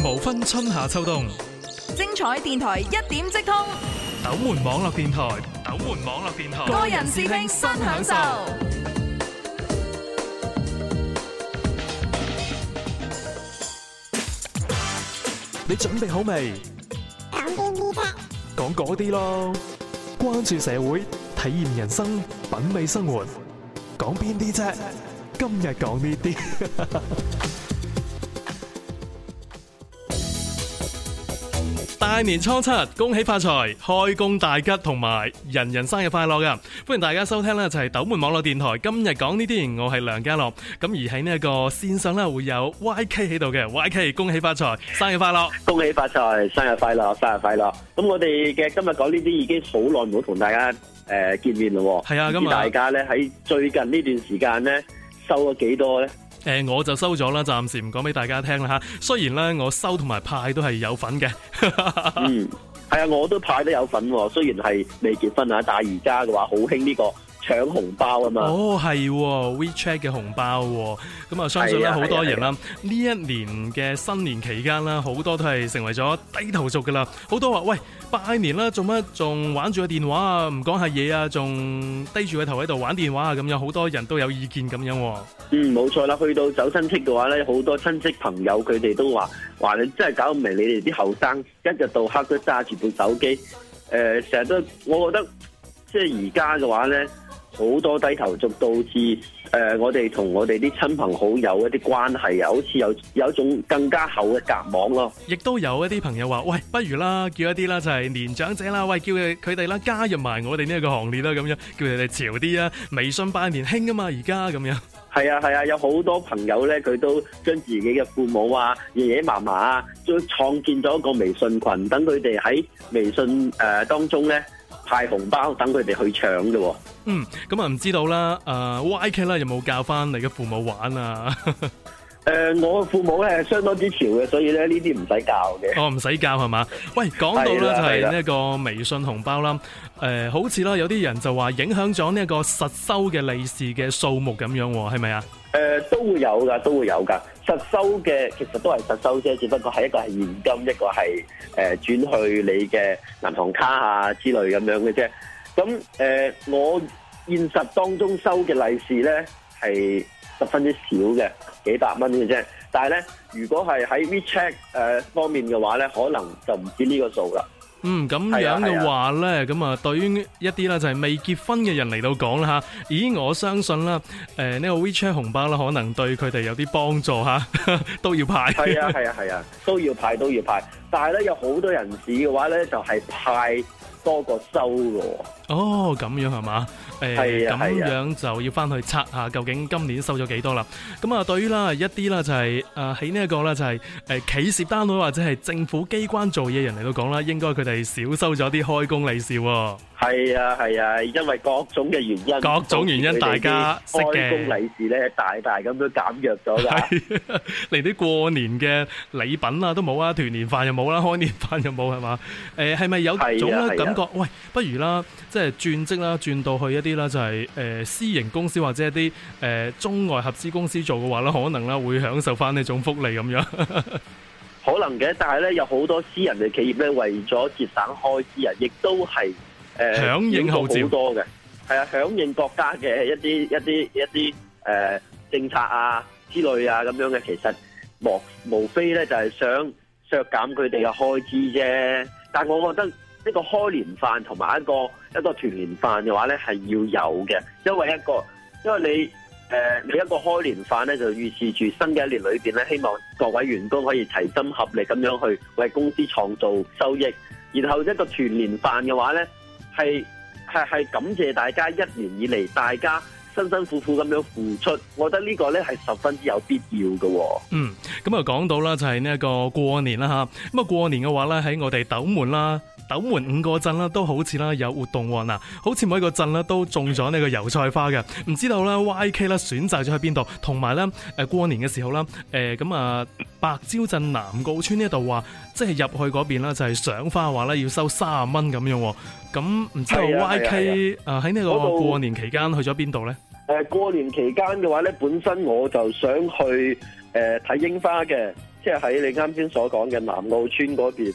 無分春夏秋冬，精彩電台一點即通，斗門網絡電台，斗門網絡電台，個人視聽新享受。你準備好未？講邊啲啫？講嗰啲咯。關注社會，體驗人生，品味生活。講邊啲啫？今日講呢啲。大年初七，恭喜發財，開工大吉，同埋人人生日快樂噶！歡迎大家收聽啦，就係斗門網絡電台。今日講呢啲，我係梁家樂。咁而喺呢一個線上咧，會有 Y K 誒、嗯，我就收咗啦，暫時唔講俾大家聽啦吓。雖然咧，我收同埋派都係有份嘅。哈哈嗯，係啊，我都派都有份喎。雖然係未結婚啊，但係而家嘅話好興呢個。搶紅包啊嘛！哦，係、哦、WeChat 嘅紅包、哦，咁啊，相信咧好、哎、多人啦。呢、哎、一年嘅新年期間啦，好多都係成為咗低頭族噶啦。好多話喂，拜年啦，做乜仲玩住個電話不說啊？唔講下嘢啊，仲低住個頭喺度玩電話啊？咁有好多人都有意見咁樣、哦。嗯，冇錯啦。去到走親戚嘅話咧，好多親戚朋友佢哋都話：話你真係搞唔明，你哋啲後生一日到黑都揸住部手機。誒、呃，成日都，我覺得即係而家嘅話咧。好多低頭族導致誒，我哋同我哋啲親朋好友有一啲關係啊，好似有有一種更加厚嘅隔膜咯。亦都有一啲朋友話：喂，不如啦，叫一啲啦，就係年長者啦，喂，叫佢哋啦，加入埋我哋呢個行列啦，咁樣，叫佢哋潮啲啊！微信拜年興啊嘛，而家咁樣。係啊係啊，有好多朋友咧，佢都將自己嘅父母啊、爺爺嫲嫲啊，都創建咗一個微信群，等佢哋喺微信誒當中咧。派紅包等佢哋去搶嘅、哦，嗯，咁啊唔知道啦，誒、呃、Y K 啦有冇教翻你嘅父母玩啊？誒、 呃，我父母咧相當之潮嘅，所以咧呢啲唔使教嘅。哦，唔使教係嘛？喂，講到咧就係呢一個微信紅包、呃、啦，誒，好似啦有啲人就話影響咗呢一個實收嘅利是嘅數目咁樣，係咪啊？誒、呃，都會有噶，都會有噶。實收嘅其實都係實收啫，只不過係一個係現金，一個係誒、呃、轉去你嘅銀行卡啊之類咁樣嘅啫。咁誒、呃，我現實當中收嘅利是咧係十分之少嘅，幾百蚊嘅啫。但係咧，如果係喺 WeChat 誒、呃、方面嘅話咧，可能就唔止呢個數啦。嗯，咁樣嘅話咧，咁啊，啊對於一啲咧就係未結婚嘅人嚟到講啦吓，咦，我相信啦，誒呢個 WeChat 紅包啦，可能對佢哋有啲幫助吓，都要派。係啊係啊係啊，都要派都要派，但係咧有好多人士嘅話咧，就係派。多個收喎、哦哦，哦咁樣係嘛？誒、欸，咁樣就要翻去測下究竟今年收咗幾多啦？咁啊，對於啦一啲啦就係誒喺呢一個啦就係誒企事單位或者係政府機關做嘢人嚟到講啦，應該佢哋少收咗啲開工利是。係啊，係啊，因為各種嘅原因，各種原因，大家開工利是咧，大大咁樣減弱咗噶。嚟啲、啊、過年嘅禮品啊都冇啊，團年飯又冇啦，開年飯又冇係嘛？誒，係咪有種感覺、啊啊？喂，不如啦，即係轉職啦，轉到去一啲啦，就係、是、誒、就是呃、私營公司或者一啲誒、呃、中外合資公司做嘅話咧，可能啦會享受翻呢種福利咁樣。可能嘅，但係咧有好多私人嘅企業咧，為咗節省開支啊，亦都係。呃、響應號召多嘅，係啊！響應國家嘅一啲一啲一啲誒、呃、政策啊之類啊咁樣嘅，其實無無非咧就係、是、想削減佢哋嘅開支啫。但係我覺得一個開年飯同埋一個一個團年飯嘅話咧係要有嘅，因為一個因為你誒、呃，你一個開年飯咧就預示住新嘅一年裏邊咧，希望各位員工可以齊心合力咁樣去為公司創造收益。然後一個團年飯嘅話咧。係係係感謝大家一年以嚟大家辛辛苦苦咁樣付出，我覺得呢個咧係十分之有必要嘅。嗯，咁啊講到啦就係呢一個過年啦吓，咁啊過年嘅話咧喺我哋斗門啦。斗門五個鎮啦，都好似啦有活動喎嗱，好似每個鎮啦都種咗呢個油菜花嘅，唔知道咧 YK 咧選擇咗去邊度，同埋咧誒過年嘅時候啦，誒咁啊白蕉鎮南澳村呢度話，即係入去嗰邊啦就係賞花嘅話咧要收三十蚊咁樣，咁唔知道 YK 誒喺呢個過年期間去咗邊度咧？誒過年期間嘅話咧，本身我就想去誒睇櫻花嘅，即係喺你啱先所講嘅南澳村嗰邊。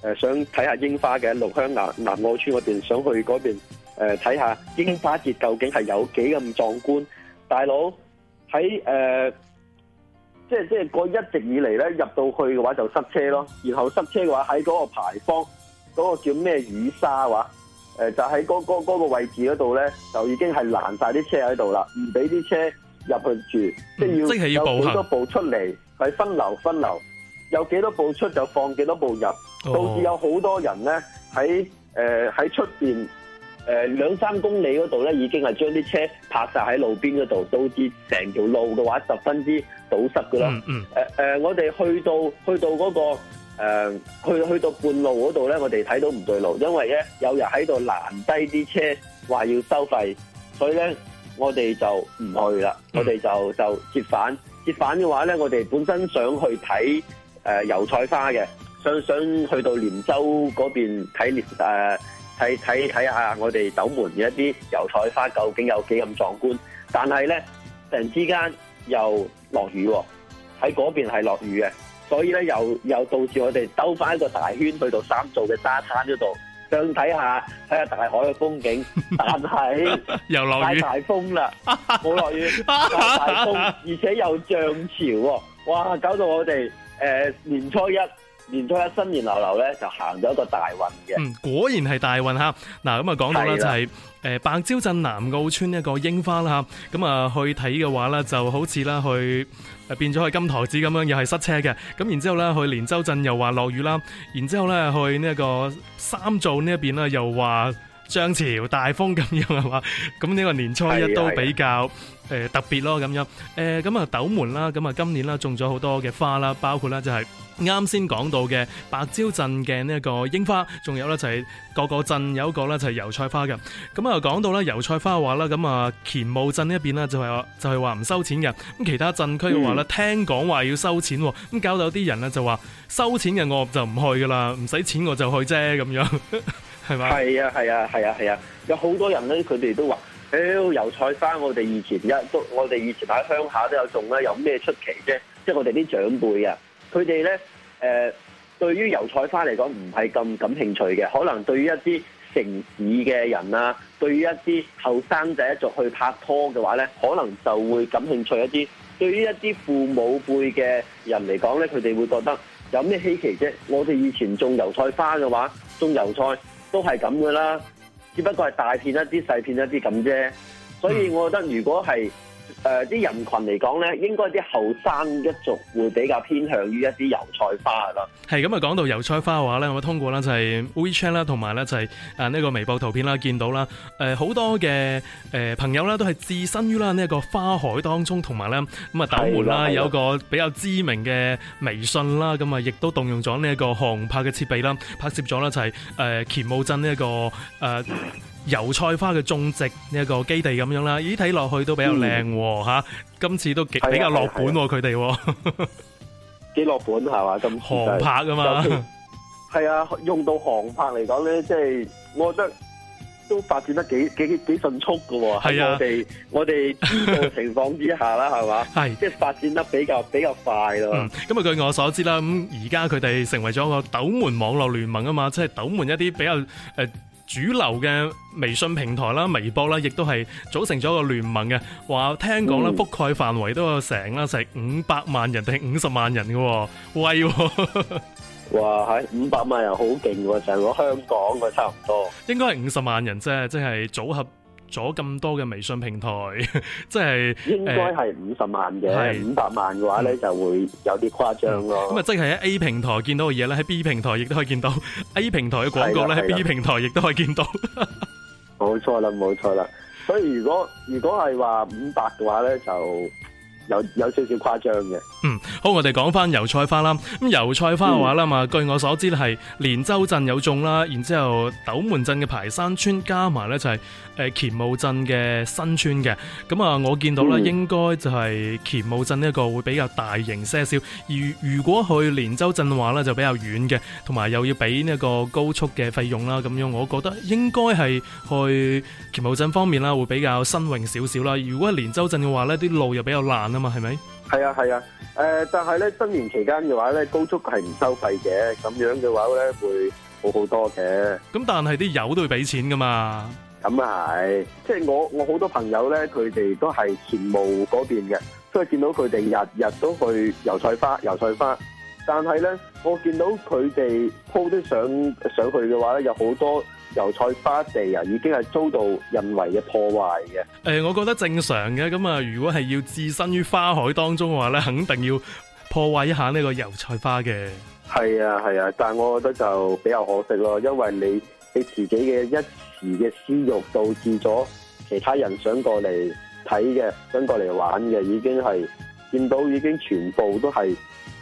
誒、呃，想睇下櫻花嘅，六鄉南南澳村嗰邊，想去嗰邊誒睇下櫻花節究竟係有幾咁壯觀。大佬喺誒，即係即係個一直以嚟咧，入到去嘅話就塞車咯。然後塞車嘅話喺嗰個牌坊嗰、那個叫咩雨沙話，誒、呃、就喺嗰、那個那個位置嗰度咧，就已經係攔晒啲車喺度啦，唔俾啲車入去住，即、嗯、係、就是、要有幾多部出嚟係、嗯、分流分流，有幾多部出就放幾多部入。導致有好多人咧喺誒喺出邊誒兩三公里嗰度咧，已經係將啲車泊晒喺路邊嗰度，導致成條路嘅話十分之堵塞噶咯。嗯誒誒、嗯呃呃，我哋去到去到、嗰個、誒、呃、去去到半路嗰度咧，我哋睇到唔對路，因為咧有人喺度攔低啲車，話要收費，所以咧我哋就唔去啦。我哋就我就折返，折返嘅話咧，我哋本身想去睇誒、呃、油菜花嘅。想想去到蓮洲嗰邊睇蓮誒，睇睇睇下我哋斗門嘅一啲油菜花究竟有幾咁壯觀，但係咧突然之間又落雨喎，喺嗰邊係落雨嘅，所以咧又又導致我哋兜翻一個大圈去到三灶嘅沙灘嗰度想睇下睇下大海嘅風景， 但係又落雨，太大風啦，冇落雨，太大風， 而且又漲潮，哇！搞到我哋誒、呃、年初一。年初一新年流流咧，就行咗一個大運嘅。嗯，果然係大運吓。嗱，咁啊講到咧就係誒白蕉鎮南澳村一個櫻花啦吓。咁啊去睇嘅話咧，就好似啦去變咗去金台寺咁樣，又係塞車嘅。咁然之後咧去連州鎮又話落雨啦。然之後咧去呢一個三灶呢一邊啦，又話漲潮大風咁樣係嘛。咁呢個年初一都比較誒特別咯咁樣。誒咁啊斗門啦，咁啊今年啦種咗好多嘅花啦，包括咧就係。啱先講到嘅白蕉鎮嘅呢一個櫻花，仲有咧就係個個鎮有一個咧就係油菜花嘅。咁啊講到咧油菜花話啦，咁啊乾務鎮呢一邊啦、就係，就係話就係話唔收錢嘅。咁其他鎮區嘅話咧、嗯，聽講話要收錢，咁搞到有啲人咧就話收錢嘅我就唔去噶啦，唔使錢我就去啫咁樣，係 咪？係啊係啊係啊係啊，啊，有好多人咧，佢哋都話，妖、欸、油菜花，我哋以前一都，我哋以前喺鄉下都有種啦，有咩出奇啫？即、就、係、是、我哋啲長輩啊。佢哋咧，誒、呃、對於油菜花嚟講唔係咁感興趣嘅，可能對於一啲城市嘅人啊，對於一啲後生仔一族去拍拖嘅話咧，可能就會感興趣一啲。對於一啲父母輩嘅人嚟講咧，佢哋會覺得有咩稀奇啫？我哋以前種油菜花嘅話，種油菜都係咁噶啦，只不過係大片一啲、細片一啲咁啫。所以，我覺得如果係。誒、呃、啲人群嚟講咧，應該啲後生一族會比較偏向於一啲油菜花啦。係咁啊，講到油菜花嘅話咧，我通過啦就係 WeChat 啦，同埋咧就係啊呢個微博圖片啦，見到啦誒好多嘅誒、呃、朋友咧都係置身於啦呢一個花海當中，同埋咧咁啊斗門啦，有個比較知名嘅微信啦，咁啊亦都動用咗呢一個航拍嘅設備啦，拍攝咗啦就係誒乾務鎮呢一個誒。呃 油菜花嘅種植呢一、這個基地咁樣啦，咦睇落去都比較靚吓、嗯啊，今次都幾、啊、比較落本喎、啊，佢哋、啊啊、幾落本係、 就是、嘛？咁航拍噶嘛？係啊，用到航拍嚟講咧，即、就、係、是、我覺得都發展得幾幾幾迅速噶。係啊，啊我哋我哋情況之下啦，係 嘛？係即係發展得比較比較快咯。咁、嗯、啊，據我所知啦，咁而家佢哋成為咗個斗門網絡聯盟啊嘛，即係斗門一啲比較誒。呃主流嘅微信平台啦、啊、微博啦、啊，亦都係組成咗個聯盟嘅。話聽講咧、啊嗯，覆蓋範圍都有成啦，成五百萬人定五十萬人嘅、啊、喂、啊！ 哇，喺五百萬人好勁喎，成個香港嘅差唔多，應該係五十萬人啫，即、就、係、是、組合。咗咁多嘅微信平台，即、就、係、是、應該係五十萬嘅，五百萬嘅話呢、嗯、就會有啲誇張咯。咁、嗯、啊，即係喺 A 平台見到嘅嘢呢，喺 B 平台亦都可以見到 A 平台嘅廣告呢，喺 B 平台亦都可以見到。冇、嗯、 錯啦，冇錯啦。所以如果如果係話五百嘅話呢，就。有有少少誇張嘅。嗯，好，我哋講翻油菜花啦。咁油菜花嘅話啦嘛、嗯，據我所知係連州鎮有種啦，然之後斗門鎮嘅排山村加埋咧就係誒乾務鎮嘅新村嘅。咁啊，我見到咧、嗯、應該就係乾務鎮呢個會比較大型些少。而如果去連州鎮嘅話咧就比較遠嘅，同埋又要俾呢個高速嘅費用啦。咁樣我覺得應該係去乾務鎮方面啦會比較新穎少少啦。如果係連州鎮嘅話咧啲路又比較爛啦。嘛係咪？係啊係啊，誒、啊呃，但係咧新年期間嘅話咧，高速係唔收費嘅，咁樣嘅話咧會好好多嘅。咁但係啲油都要俾錢噶嘛？咁啊係，即係我我好多朋友咧，佢哋都係前務嗰邊嘅，所以見到佢哋日日都去油菜花油菜花，但係咧我見到佢哋鋪啲相上去嘅話咧，有好多。油菜花地啊，已經係遭到人為嘅破壞嘅。誒、欸，我覺得正常嘅。咁啊，如果係要置身於花海當中嘅話咧，肯定要破壞一下呢個油菜花嘅。係啊，係啊，但係我覺得就比較可惜咯，因為你你自己嘅一時嘅私欲導致咗其他人想過嚟睇嘅，想過嚟玩嘅，已經係見到已經全部都係誒、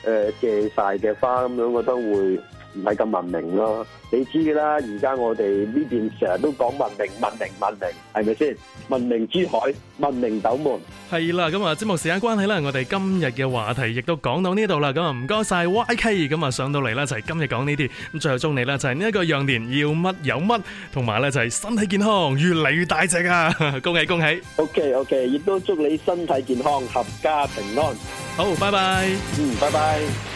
呃、借晒嘅花咁樣覺得會。唔係咁文明咯，你知啦。而家我哋呢邊成日都講文明，文明，文明，係咪先？文明珠海，文明斗門。係啦，咁啊，節目時間關係啦，我哋今日嘅話題亦都講到呢度啦。咁啊，唔該晒 YK，咁啊上到嚟啦，就係今日講呢啲。咁最後祝你啦，就係呢一個羊年要乜有乜，同埋咧就係身體健康，越嚟越大隻啊！恭喜恭喜。OK OK，亦都祝你身體健康，闔家平安。好，拜拜。嗯，拜拜。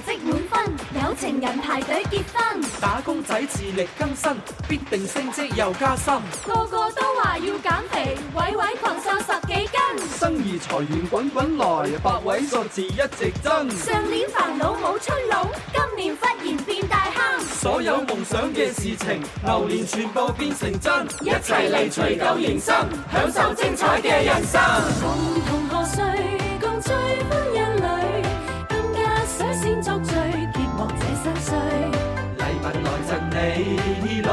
情人排隊結婚，打工仔自力更生，必定升職又加薪。個個都話要減肥，偉偉狂瘦十幾斤。生意財源滾滾來，百位數字一直增。上年煩惱冇出腦，今年忽然變大亨。所有夢想嘅事情，流年全部變成真。一齊嚟除舊迎新，享受精彩嘅人生。共同賀歲，共醉歡。